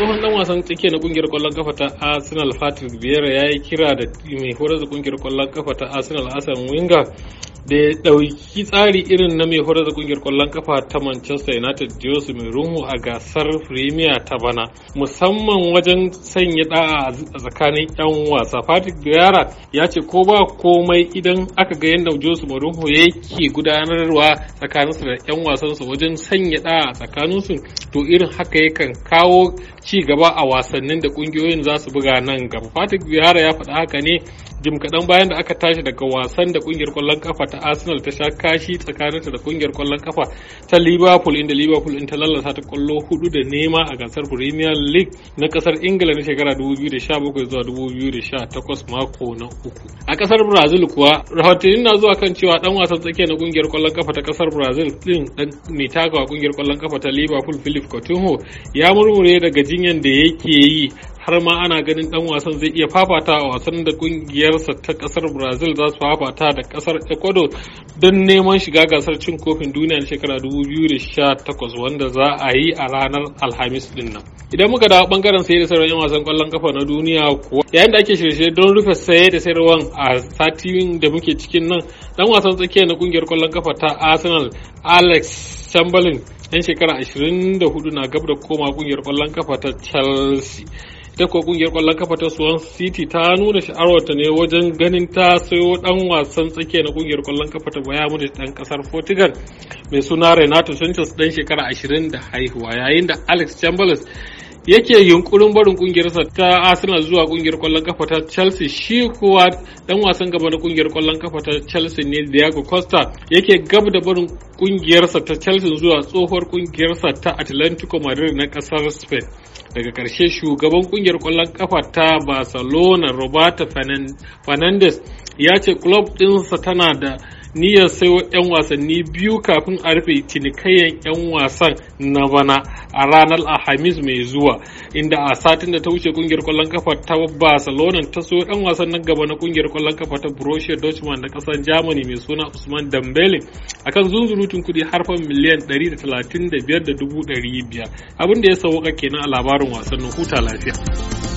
tsohon dan wasan tsike na kungiyar kwallon kafa ta Arsenal Patrick Vieira ya yi kira da mai horar da kungiyar kwallon kafa ta Arsenal asan Wenger da ya ɗauki tsari irin na mai horar da kungiyar kwallon kafa ta Manchester United Jose Mourinho a gasar Premier ta bana musamman wajen sanya da'a a tsakanin 'yan wasa Patrick Vieira ya ce ko ba komai idan aka ga yadda Jose Mourinho yake gudanarwa tsakaninsu da 'yan wasansu wajen sanya da'a a tsakaninsu to irin haka yakan kawo ci gaba a wasannin da kungiyoyin za su buga nan gaba Patrick Vieira ya faɗa haka ne jim kaɗan bayan da aka tashi daga wasan da kungiyar kwallon kafa ta arsenal ta sha kashi tsakaninta da kungiyar kwallon kafa ta liverpool inda liverpool in ta lallasa ta kwallo hudu da nema a gasar premier league na kasar ingila na shekara 2017 zuwa 2018 mako na uku a kasar brazil kuwa rahotannin na zuwa kan cewa dan wasan tsakiya na kungiyar kwallon kafa ta kasar brazil din dan mai takawa kungiyar kwallon kafa ta liverpool philip coutinho ya murmure daga jinyan da yake yi har ma ana ganin dan wasan zai iya fafata a wasan da kungiyarsa ta kasar brazil za su fafata da kasar ecuador don neman shiga gasar cin kofin duniya na shekara 2018 wanda za a yi a ranar alhamis din nan idan muka dawo bangaren saye da sayarwar yan wasan kwallon kafa na duniya kuwa yayin da ake shirye don rufe saye da sayarwar a satin da muke cikin nan dan wasan tsakiya na kungiyar kwallon kafa ta arsenal alex chamberlain yan shekara 24 na gab da koma kungiyar kwallon kafa ta chelsea ita ko kungiyar kwallon kafa ta Swan City ta nuna sha'awarta ne wajen ganin ta sayo dan wasan tsakiya na kungiyar kwallon kafa ta Bayern da dan kasar Portugal mai suna Renato Sanchez dan shekara ashirin da haihuwa yayin da Alex chambers yake yunkurin barin kungiyarsa ta Arsenal zuwa kungiyar kwallon kafa ta Chelsea shi kuwa dan wasan gaba na kungiyar kwallon kafa ta Chelsea ne Diego Costa yake gab da barin kungiyarsa ta Chelsea zuwa tsohuwar kungiyarsa ta Atlantico Madrid na kasar Spain daga karshe shugaban kungiyar kwallon kafa ta barcelona roberto fernandes ya ce club dinsa tana da niyyar sayo 'yan wasanni biyu kafin a rufe cinikayyar 'yan wasan na bana a ranar alhamis mai zuwa inda a satin da ta wuce kungiyar kwallon kafa ta barcelona ta so yan wasan na gaba na kungiyar kwallon kafa ta borussia dortmund da kasar germany mai suna usman dembele akan zunzurutun kudi fa miliyan 135,500 abinda ya sauka kenan a labarin wasannin huta lafiya